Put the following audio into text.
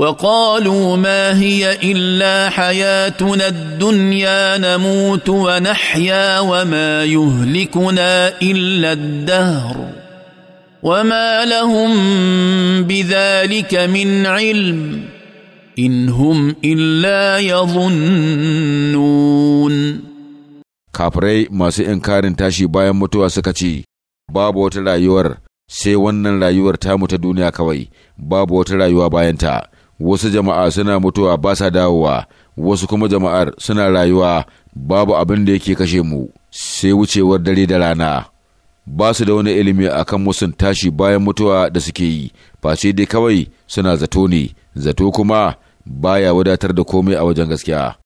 وقالوا ما هي الا حياتنا الدنيا نموت ونحيا وما يهلكنا الا الدهر وما لهم بذلك من علم ان هم الا يظنون kafirai masu inkarin tashi bayan mutuwa suka ce babu wata rayuwar sai wannan rayuwar tamu ta duniya kawai babu wata rayuwa bayanta wasu jama'a suna mutuwa ba sa dawowa wasu kuma jama'ar suna rayuwa babu abin da yake kashe mu sai wucewar dare da rana ba su da wani ilimi a kan musun tashi bayan mutuwa da suke yi face dai kawai suna zato ne zato kuma baya wadatar da komai a wajen gaskiya